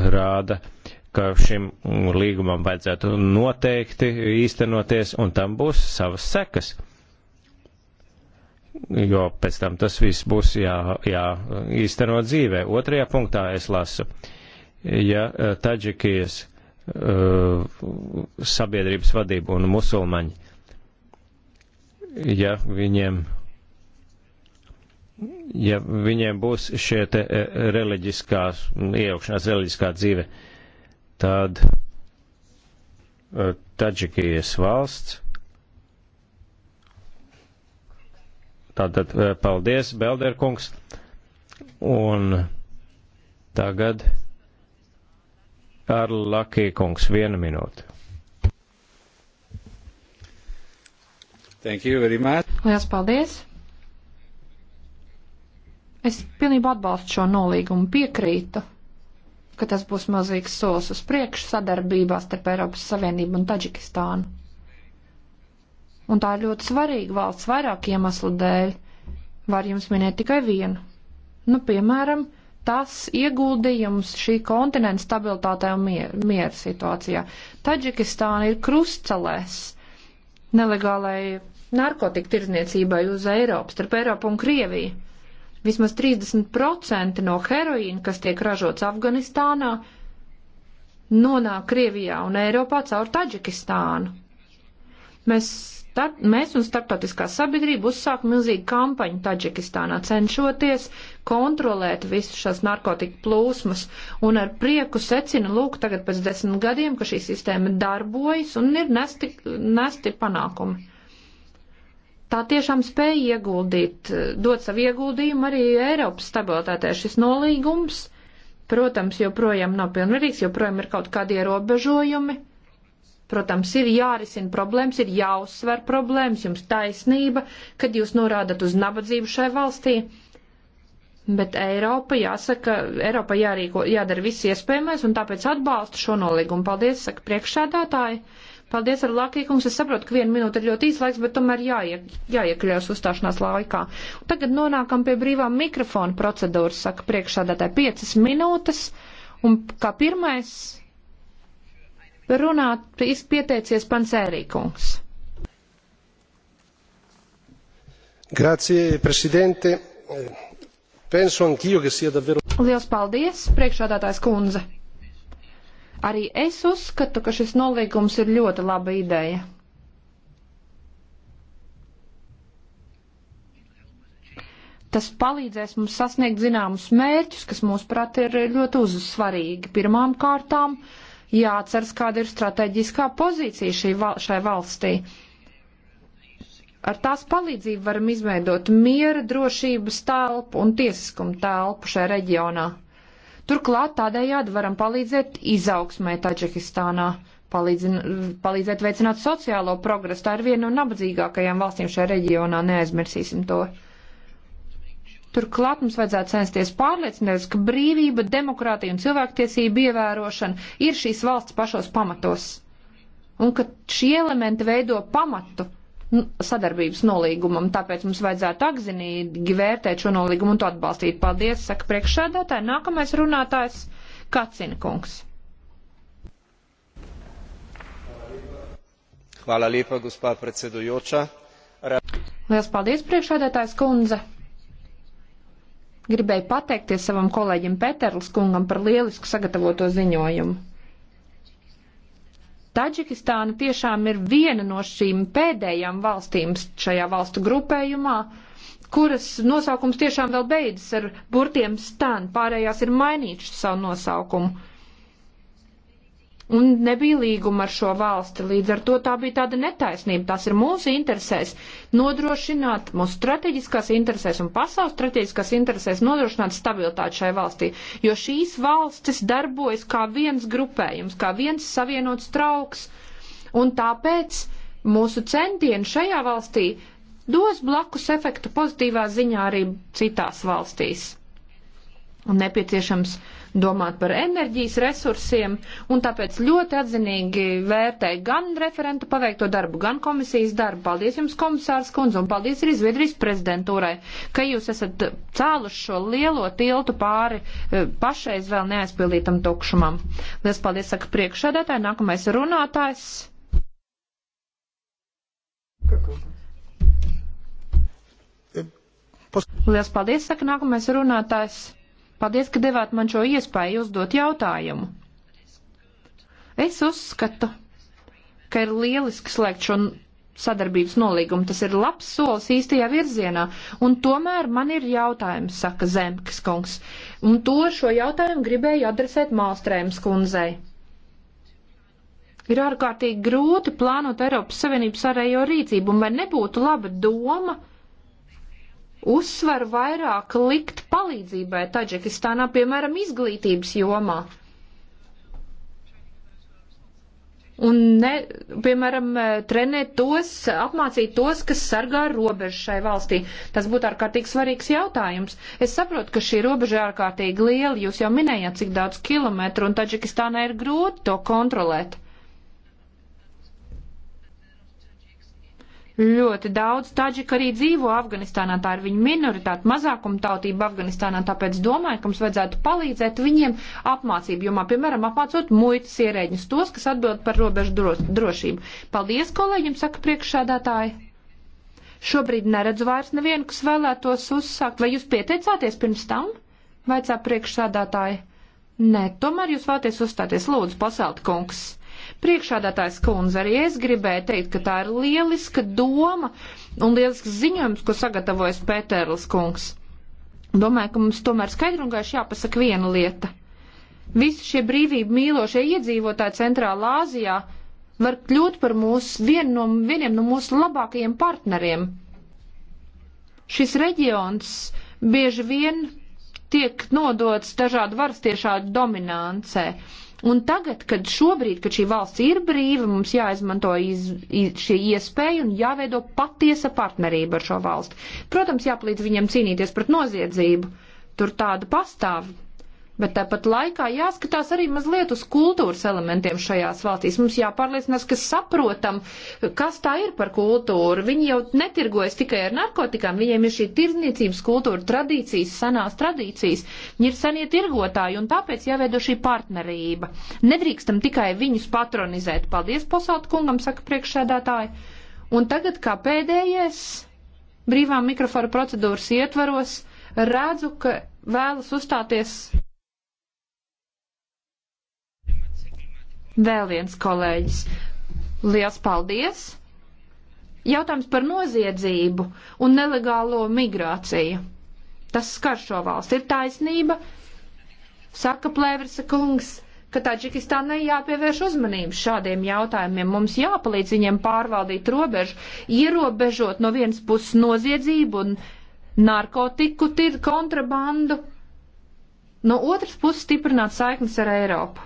Speaker 2: rāda, ka šim līgumam vajadzētu noteikti īstenoties, un tam būs savas sekas jo pēc tam tas viss būs jā, jā īsteno dzīvē. Otrajā punktā es lasu, ja eh, Taģikijas uh, sabiedrības vadība un musulmaņi, ja viņiem, ja viņiem būs šie te eh, reliģiskās, iejaukšanās reliģiskā dzīve, tad uh, Taģikijas valsts, Tātad eh, paldies, Belderkungs. Un tagad ar Lakīkungs vienu minūti. Thank you very much.
Speaker 1: Lielas paldies. Es pilnībā atbalstu šo nolīgumu, piekrītu, ka tas būs mazīgs solis uz priekšu sadarbībās starp Eiropas Savienību un Taģikistānu. Un tā ir ļoti svarīga valsts vairāk iemeslu dēļ. Var jums minēt tikai vienu. Nu, piemēram, tas ieguldījums šī kontinenta stabilitātē un miera mier situācijā. Taģikistāna ir krustcelēs nelegālai narkotika tirdzniecībai uz Eiropu, starp Eiropu un Krieviju. Vismaz 30% no heroīna, kas tiek ražots Afganistānā, nonāk Krievijā un Eiropā caur Taģikistānu. Mēs, starp, mēs un starptautiskā sabiedrība uzsāk milzīgu kampaņu Taģikistānā, cenšoties kontrolēt visu šās narkotika plūsmas, un ar prieku secina, lūk, tagad pēc desmit gadiem, ka šī sistēma darbojas un ir nesti, nesti panākumi tā tiešām spēja ieguldīt, dot savu ieguldījumu arī Eiropas stabilitātē. Šis nolīgums, protams, joprojām nav pilnvarīgs, joprojām ir kaut kādi ierobežojumi. Protams, ir jārisina problēmas, ir jāuzsver problēmas, jums taisnība, kad jūs norādat uz nabadzību šai valstī. Bet Eiropa jāsaka, Eiropa jārīko, jādara viss iespējamais, un tāpēc atbalstu šo nolīgumu. Paldies, saka priekšsēdētāji. Paldies, ar Lakīkungs. Es saprotu, ka viena minūte ir ļoti īsa laiks, bet tomēr jāie, jāiekļaus uzstāšanās laikā. Tagad nonākam pie brīvā mikrofona procedūras, saka priekšsēdētāji. Piecas minūtes, un kā pirmais runāt pieteicies Pansērīkungs. Grazie, prezidente. Penso anch'io che sia davvero. Lielas paldies, priekšādātājs kundze. Arī es uzskatu, ka šis nolīgums ir ļoti laba ideja. Tas palīdzēs mums sasniegt zināmus mērķus, kas mūsuprāt ir ļoti uzsvarīgi. Pirmām kārtām uh, jāatceras, kāda ir strateģiskā pozīcija šī, val šai valstī. Ar tās palīdzību varam izveidot miera, drošības telpu un tiesiskumu telpu šajā reģionā. Turklāt tādējādi varam palīdzēt izaugsmē Taģikistānā, palīdzēt veicināt sociālo progresu. Tā ir viena no nabadzīgākajām valstīm šajā reģionā, neaizmirsīsim to. Turklāt mums vajadzētu censties pārliecināties, ka brīvība, demokrātija un cilvēktiesība ievērošana ir šīs valsts pašos pamatos. Un ka šie elementi veido pamatu nu, sadarbības nolīgumam, tāpēc mums vajadzētu akzinīgi vērtēt šo nolīgumu un to atbalstīt. Paldies, saka priekšsēdētāji. Nākamais runātājs Kacina kungs.
Speaker 2: Hvala lepa, gospa predsedujoča.
Speaker 1: Liels paldies, priekšsēdētājs kundze. Gribēju pateikties savam kolēģim Peterlis kungam par lielisku sagatavoto ziņojumu. Taģikistāna tiešām ir viena no šīm pēdējām valstīm šajā valstu grupējumā, kuras nosaukums tiešām vēl beidzas ar burtiem stan, pārējās ir mainījušas savu nosaukumu un nebija līguma ar šo valsti. Līdz ar to tā bija tāda netaisnība. Tas ir mūsu interesēs nodrošināt, mūsu strateģiskās interesēs un pasaules strateģiskās interesēs nodrošināt stabilitāti šai valstī, jo šīs valstis darbojas kā viens grupējums, kā viens savienots trauks, un tāpēc mūsu centieni šajā valstī dos blakus efektu pozitīvā ziņā arī citās valstīs. Un nepieciešams domāt par enerģijas resursiem, un tāpēc ļoti atzinīgi vērtēju gan referentu paveikto darbu, gan komisijas darbu. Paldies jums, komisārs Kunz, un paldies arī Zviedrijas prezidentūrai, ka jūs esat cēluši šo lielo tiltu pāri eh, pašreiz vēl neaizpildītam tukšumam. Lies paldies, saka priekšsēdētāji, nākamais runātājs. Liels paldies, saka nākamais runātājs. Paldies, ka devāt man šo iespēju uzdot jautājumu. Es uzskatu, ka ir lieliski slēgt šo sadarbības nolīgumu. Tas ir labs solis īstajā virzienā. Un tomēr man ir jautājums, saka Zemkas kungs. Un to šo jautājumu gribēju adresēt Mālstrēmas kundzei. Ir ārkārtīgi grūti plānot Eiropas Savienības arējo rīcību, un vai nebūtu laba doma? uzsvaru vairāk likt palīdzībai Taģikistānā, piemēram, izglītības jomā. Un, ne, piemēram, e, trenēt tos, apmācīt tos, kas sargā robežu šai valstī. Tas būtu ārkārtīgi svarīgs jautājums. Es saprotu, ka šī robeža ir ārkārtīgi liela. Jūs jau minējāt, cik daudz kilometru, un Taģikistānai ir grūti to kontrolēt. Ļoti daudz taģika arī dzīvo Afganistānā, tā ir viņa minoritāte, mazākumtautība Afganistānā, tāpēc domāju, ka mums vajadzētu palīdzēt viņiem apmācību jomā, piemēram, apmācot muitas ierēģņus, tos, kas atbild par robežu drošību. Paldies kolēģim, saka priekšsādātāji. Šobrīd neredzu vairs nevienu, kas vēlētos uzsākt. Vai jūs pieteicāties pirms tam? Vaicā priekšsādātāji. Nē, tomēr jūs vēlaties uzstāties. Lūdzu, pasaulta kungs. Priekšādātājs kundze, arī es gribēju teikt, ka tā ir lieliska doma un lielisks ziņojums, ko sagatavojas Pēterlis kungs. Domāju, ka mums tomēr skaidri un gaiši jāpasaka viena lieta. Visi šie brīvību mīlošie iedzīvotāji Centrālā Āzijā var kļūt par mūsu vien no, vieniem no mūsu labākajiem partneriem. Šis reģions bieži vien tiek nodots dažādu varas tiešādu dominancē. Un tagad, kad šobrīd, kad šī valsts ir brīva, mums jāizmanto iz, iz, šī iespēja un jāveido patiesa partnerība ar šo valstu. Protams, jāpalīdz viņiem cīnīties pret noziedzību. Tur tāda pastāv, Bet tāpat laikā jāskatās arī mazliet uz kultūras elementiem šajās valstīs. Mums jāpārliecinās, ka saprotam, kas tā ir par kultūru. Viņi jau netirgojas tikai ar narkotikām, viņiem ir šī tirzniecības kultūra, tradīcijas, senās tradīcijas. Viņi ir senie tirgotāji un tāpēc jāveido šī partnerība. Nedrīkstam tikai viņus patronizēt. Paldies, Posauta kungam, saka priekšsēdētāji. Un tagad kā pēdējais brīvā mikrofona procedūras ietvaros redzu, ka vēlas uzstāties Vēl viens kolēģis. Liels paldies! Jautājums par noziedzību un nelegālo migrāciju. Tas skar šo valsti. Ir taisnība, saka Plēvrisa kungs, ka Taģikistānai jāpievērš uzmanību šādiem jautājumiem. Mums jāpalīdz viņiem pārvaldīt robežu, ierobežot no vienas puses noziedzību un narkotiku kontrabandu, no otras puses stiprināt saiknes ar Eiropu.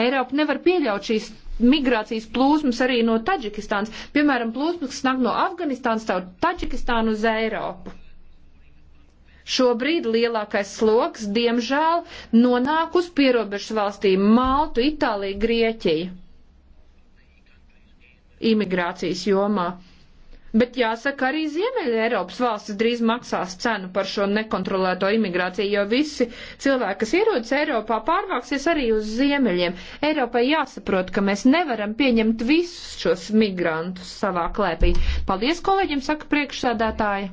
Speaker 1: Eiropa nevar pieļaut šīs migrācijas plūsmas arī no Taģikistānas. Piemēram, plūsmas, kas nāk no Afganistānas, caur Taģikistānu uz Eiropu. Šobrīd lielākais sloks, diemžēl, nonāk uz pierobežu valstīm - Maltu, Itāliju, Grieķiju imigrācijas jomā. Bet jāsaka, arī Ziemeļa Eiropas valstis drīz maksās cenu par šo nekontrolēto imigrāciju, jo visi cilvēki, kas ierodas Eiropā, pārvāksies arī uz Ziemeļiem. Eiropai jāsaprot, ka mēs nevaram pieņemt visus šos migrantus savā klēpī. Paldies kolēģim, saka priekšsādātāja.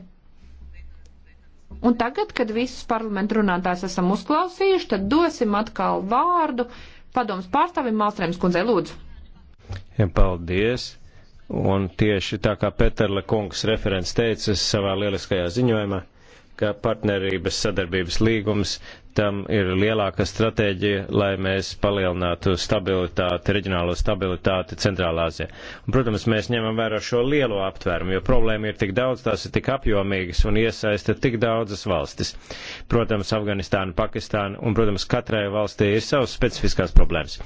Speaker 1: Un tagad, kad visus parlamentu runātājs esam uzklausījuši, tad dosim atkal vārdu padomus pārstāvim Malstrēms kundzei Lūdzu.
Speaker 2: Ja, paldies! Un tieši tā kā Peterle kungs referents teica savā lieliskajā ziņojumā, ka partnerības sadarbības līgums tam ir lielāka stratēģija, lai mēs palielinātu stabilitāti, reģionālo stabilitāti Centrālā Azijā. Un, protams, mēs ņemam vērā šo lielo aptvērumu, jo problēma ir tik daudz, tās ir tik apjomīgas un iesaista tik daudzas valstis. Protams, Afganistāna, Pakistāna un, protams, katrai valstī ir savas specifiskās problēmas.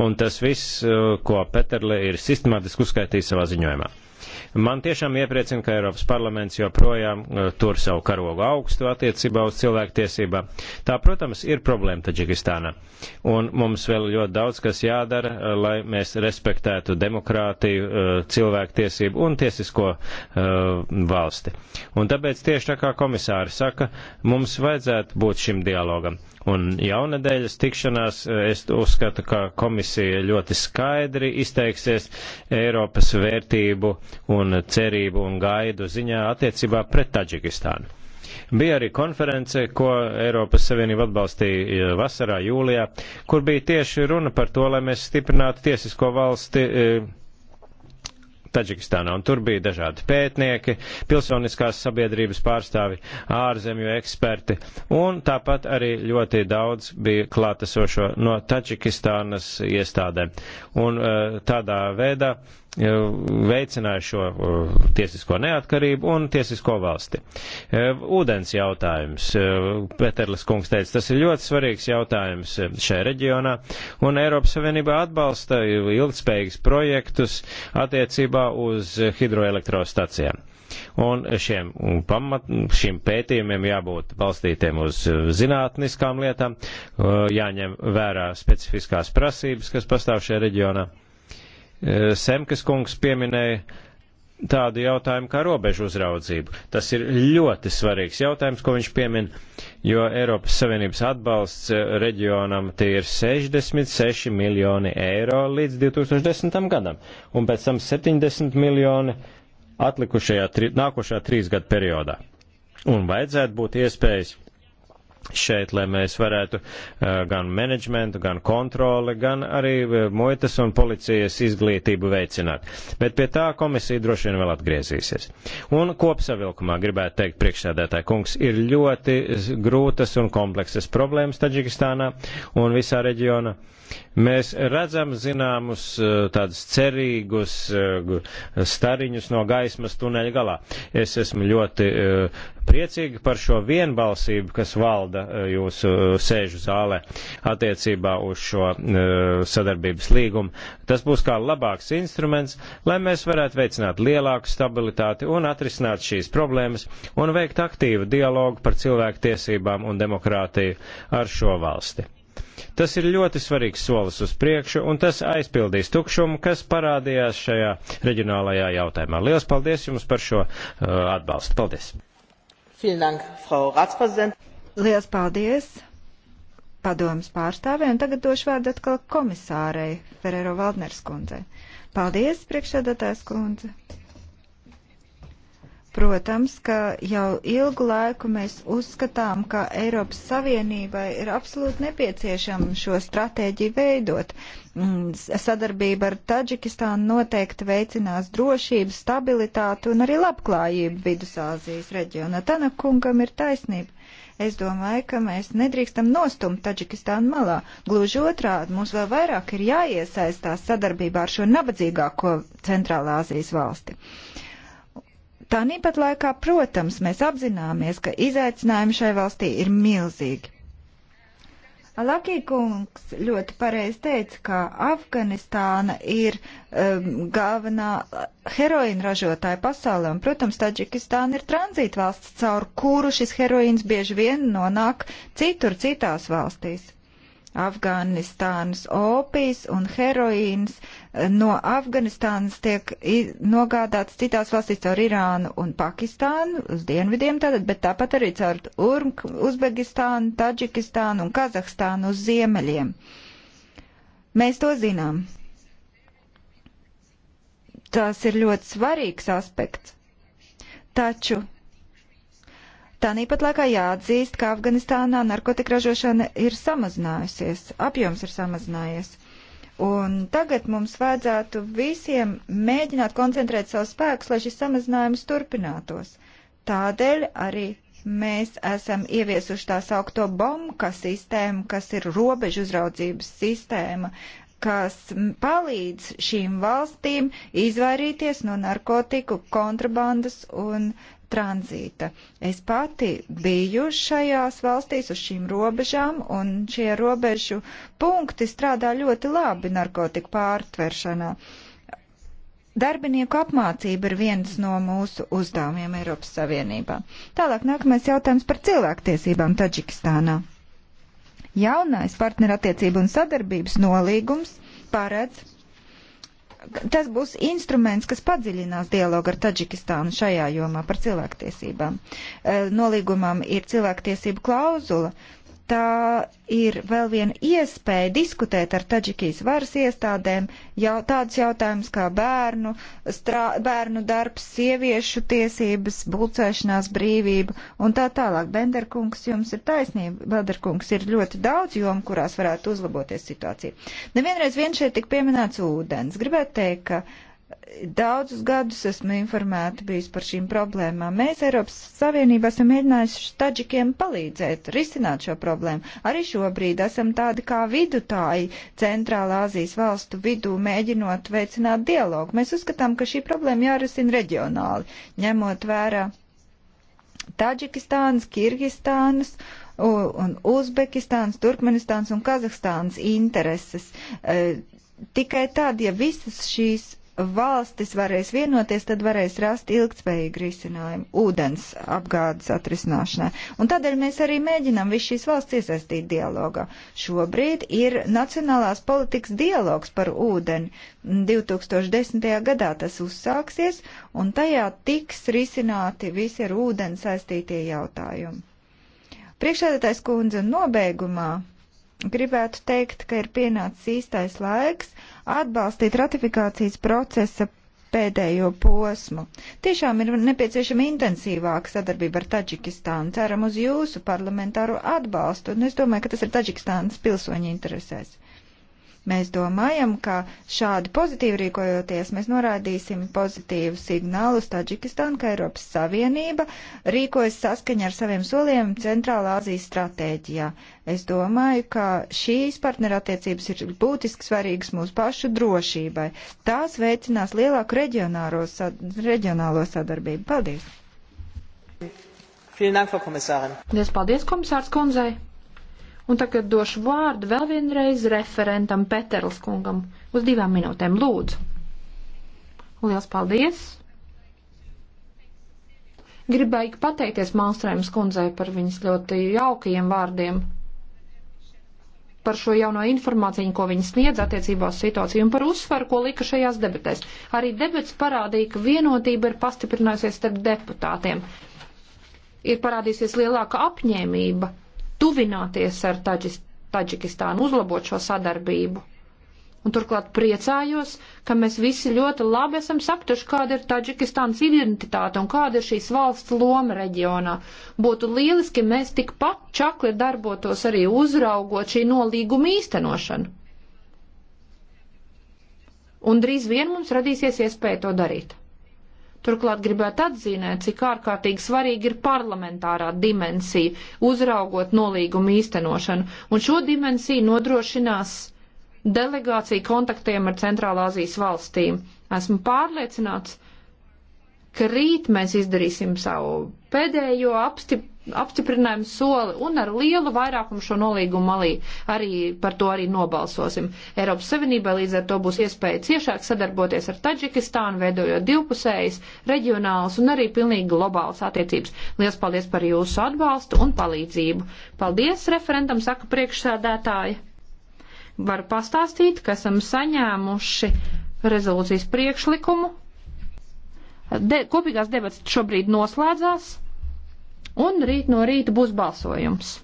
Speaker 2: Un tas viss, ko Peterle ir sistemātiski uzskaitījis savā ziņojumā. Man tiešām iepriecina, ka Eiropas parlaments joprojām uh, tur savu karogu augstu attiecībā uz cilvēktiesībā. Tā, protams, ir problēma Taģikistāna. Un mums vēl ļoti daudz, kas jādara, uh, lai mēs respektētu demokrātiju, uh, cilvēktiesību un tiesisko valsti. Un tāpēc tieši tā kā komisāri saka, mums vajadzētu būt šim dialogam un jaunadēļas tikšanās eh, es uzskatu, ka komisija ļoti skaidri izteiksies Eiropas vērtību un cerību un gaidu ziņā attiecībā pret Taģikistānu. Bija arī konference, ko Eiropas Savienība atbalstīja eh, vasarā, jūlijā, kur bija tieši runa par to, lai mēs stiprinātu tiesisko valsti. E, Taģikistānā, un tur bija dažādi pētnieki, pilsoniskās sabiedrības pārstāvi, ārzemju eksperti, un tāpat arī ļoti daudz bija klātesošo no Taģikistānas iestādēm. Un eh, tādā veidā veicināja šo uh, tiesisko neatkarību un tiesisko valsti. Uh, ūdens jautājums. Uh, Peterlis kungs teica, tas ir ļoti svarīgs jautājums šajā reģionā, un Eiropas Savienība atbalsta ilgspējīgus projektus attiecībā uz hidroelektrostacijām. Un šiem, pamat, šiem pētījumiem jābūt balstītiem uz zinātniskām lietām, jāņem vērā specifiskās prasības, kas pastāv šajā reģionā E, Semkes kungs pieminēja tādu jautājumu kā robežu uzraudzību. Tas ir ļoti svarīgs jautājums, ko viņš piemin, jo Eiropas Savienības atbalsts e, reģionam tie ir 66 miljoni eiro līdz 2010. gadam, un pēc tam 70 miljoni atlikušajā, tri, nākošajā trīs gadu periodā. Un vajadzētu būt iespējas šeit, lai mēs varētu gan menedžmentu, gan kontroli, gan arī muitas un policijas izglītību veicināt. Bet pie tā komisija droši vien vēl atgriezīsies. Un kopsavilkumā gribētu teikt priekšsēdētāji kungs, ir ļoti grūtas un kompleksas problēmas Taģikistānā un visā reģiona. Mēs redzam zināmus tādus cerīgus stariņus no gaismas tuneļa galā. Es esmu ļoti priecīgi par šo vienbalsību, kas valda e, jūsu e, sēžu zālē attiecībā uz šo e, sadarbības līgumu. Tas būs kā labāks instruments, lai mēs varētu veicināt lielāku stabilitāti un atrisināt šīs problēmas un veikt aktīvu dialogu par cilvēku tiesībām un demokrātiju ar šo valsti. Tas ir ļoti svarīgs solis uz priekšu, un tas aizpildīs tukšumu, kas parādījās šajā reģionālajā jautājumā. Lielas paldies jums par šo uh, atbalstu. Paldies!
Speaker 3: Vielen Dank, Frau Ratspräsident. Lielas paldies padomas pārstāvē, un tagad došu vārdu atkal komisārei Ferrero Valdners kundzei. Paldies, priekšsēdētājs kundze. Protams, ka jau ilgu laiku mēs uzskatām, ka Eiropas Savienībai ir absolūti nepieciešama šo stratēģiju veidot. Mm, sadarbība ar Taģikistānu noteikti veicinās drošību, stabilitātu un arī labklājību Vidusāzijas reģionā. Tanakungam ir taisnība. Es domāju, ka mēs nedrīkstam nostumt Taģikistānu malā. Gluži otrādi, mums vēl vairāk ir jāiesaistās sadarbībā ar šo nabadzīgāko Centrālā Azijas valsti. Uh, Tāpat laikā, protams, mēs apzināmies, ka izaicinājumi šai valstī ir milzīgi. Lakija kungs ļoti pareizi teica, ka Afganistāna ir um, galvenā heroīna ražotāja pasaulē, un, protams, Taģikistāna ir tranzītvalsts, caur kuru šis heroīns bieži vien nonāk citur, citās valstīs. Afganistānas opijas un heroīns eh, no Afganistānas tiek nogādāts citās valstīs caur Irānu un Pakistānu uz dienvidiem tātad, bet tāpat arī caur Urmk, Uzbekistānu, Taģikistānu un Kazahstānu uz ziemeļiem. Mēs to zinām. Tas ir ļoti svarīgs aspekts. Taču Tāpat laikā jāatzīst, ka Afganistānā narkotika ražošana ir samazinājusies, apjoms ir samazinājies. Un tagad mums vajadzētu visiem mēģināt koncentrēt savus spēkus, lai šis samazinājums turpinātos. Tādēļ arī mēs esam ieviesuši tā saukto bomka sistēmu, kas ir robežu uzraudzības sistēma, kas palīdz šīm valstīm izvairīties no narkotiku kontrabandas un tranzīta. Es pati biju šajās valstīs uz šīm robežām, un šie robežu punkti strādā ļoti labi narkotiku pārtveršanā. Darbinieku apmācība ir viens no mūsu uzdevumiem Eiropas Savienībā. Tālāk nākamais jautājums par cilvēktiesībām Taģikistānā. Jaunais partnerattiecību un sadarbības nolīgums paredz tas būs instruments, kas padziļinās dialogu ar Taģikistānu šajā jomā par cilvēktiesībām. Eh, nolīgumam ir cilvēktiesību klauzula, tā ir vēl viena iespēja diskutēt ar Taģikijas varas iestādēm jau tādus jautājumus kā bērnu, strā, bērnu darbs, sieviešu tiesības, bulcēšanās brīvība un tā tālāk. Benderkungs jums ir taisnība. Benderkungs ir ļoti daudz jom, kurās varētu uzlaboties situācija. Nevienreiz vien šeit tik pieminēts ūdens. Gribētu teikt, ka Daudzus gadus esmu informēta bijis par šīm problēmām. Mēs Eiropas Savienībā esam mēģinājuši taģikiem palīdzēt risināt šo problēmu. Arī šobrīd esam tādi kā vidutāji Centrālā Azijas valstu vidū mēģinot veicināt dialogu. Mēs uzskatām, ka šī problēma jārisina reģionāli, ņemot vērā Taģikistānas, Kirgistānas un Uzbekistānas, Turkmenistānas un Kazahstānas intereses. E, tikai tad, ja visas šīs valstis varēs vienoties, tad varēs rast ilgtspējīgu risinājumu ūdens apgādes atrisināšanai. Un tādēļ mēs arī mēģinām visu šīs valsts iesaistīt dialogā. Šobrīd ir Nacionālās politikas dialogs par ūdeni. 2010. Mm, gadā tas uzsāksies, un tajā tiks risināti visi ar ūdeni saistītie jautājumi. Priekšsēdētājs kundze nobeigumā gribētu teikt, ka ir pienācis īstais laiks atbalstīt ratifikācijas procesa pēdējo posmu. Tiešām ir nepieciešama intensīvāka sadarbība ar Taģikistānu. Ceram uz jūsu parlamentāro atbalstu, un es domāju, ka tas ir Taģikistānas pilsoņu interesēs. Mēs domājam, ka šādi pozitīvi rīkojoties, mēs norādīsim pozitīvu signālu uz Taģikistānu, ka Eiropas Savienība rīkojas saskaņa ar saviem soliem Centrālā Azijas stratēģijā. Es domāju, ka šīs partnerattiecības ir būtiski svarīgas mūsu pašu drošībai. Tās veicinās lielāku sad reģionālo sadarbību. Paldies!
Speaker 1: Vielen Dank, Frau Kommissarin. Paldies, komisārs Kunzei! Un tagad došu vārdu vēl vienreiz referentam Peterls kungam uz divām minūtēm. Lūdzu. Liels paldies. Gribēju pateikties Mālstrēmas kundzei par viņas ļoti jaukajiem vārdiem, par šo jauno informāciju, ko viņa sniedz attiecībā uz situāciju un par uzsvaru, ko lika šajās debatēs. Arī debats parādīja, ka vienotība ir pastiprinājusies starp deputātiem. Ir parādījusies lielāka apņēmība tuvināties ar Taģis, Taģikistānu, uzlabot šo sadarbību. Un turklāt priecājos, ka mēs visi ļoti labi esam saptuši, kāda ir Taģikistānas identitāte un kāda ir šīs valsts loma reģionā. Būtu lieliski, ja mēs tikpat čakli darbotos arī uzraugot šī nolīguma īstenošanu. Un drīz vien mums radīsies iespēja to darīt. Turklāt gribētu atzīmēt, cik ārkārtīgi svarīgi ir parlamentārā dimensija, uzraugot nolīgumu īstenošanu, un šo dimensiju nodrošinās delegācija kontaktiem ar Centrālāzijas valstīm. Esmu pārliecināts, ka rīt mēs izdarīsim savu pēdējo apstiprinājumu apstiprinājumu soli un ar lielu vairākumu šo nolīgumu malī arī par to arī nobalsosim. Eiropas Savienībai līdz ar to būs iespēja ciešāk sadarboties ar Taģikistānu, veidojot divpusējas, reģionālas un arī pilnīgi globālas attiecības. Lielas paldies par jūsu atbalstu un palīdzību. Paldies referentam, saka priekšsēdētāji. Varu pastāstīt, ka esam saņēmuši rezolūcijas priekšlikumu. De, kopīgās debats šobrīd noslēdzās. Un rīt no rīta būs balsojums.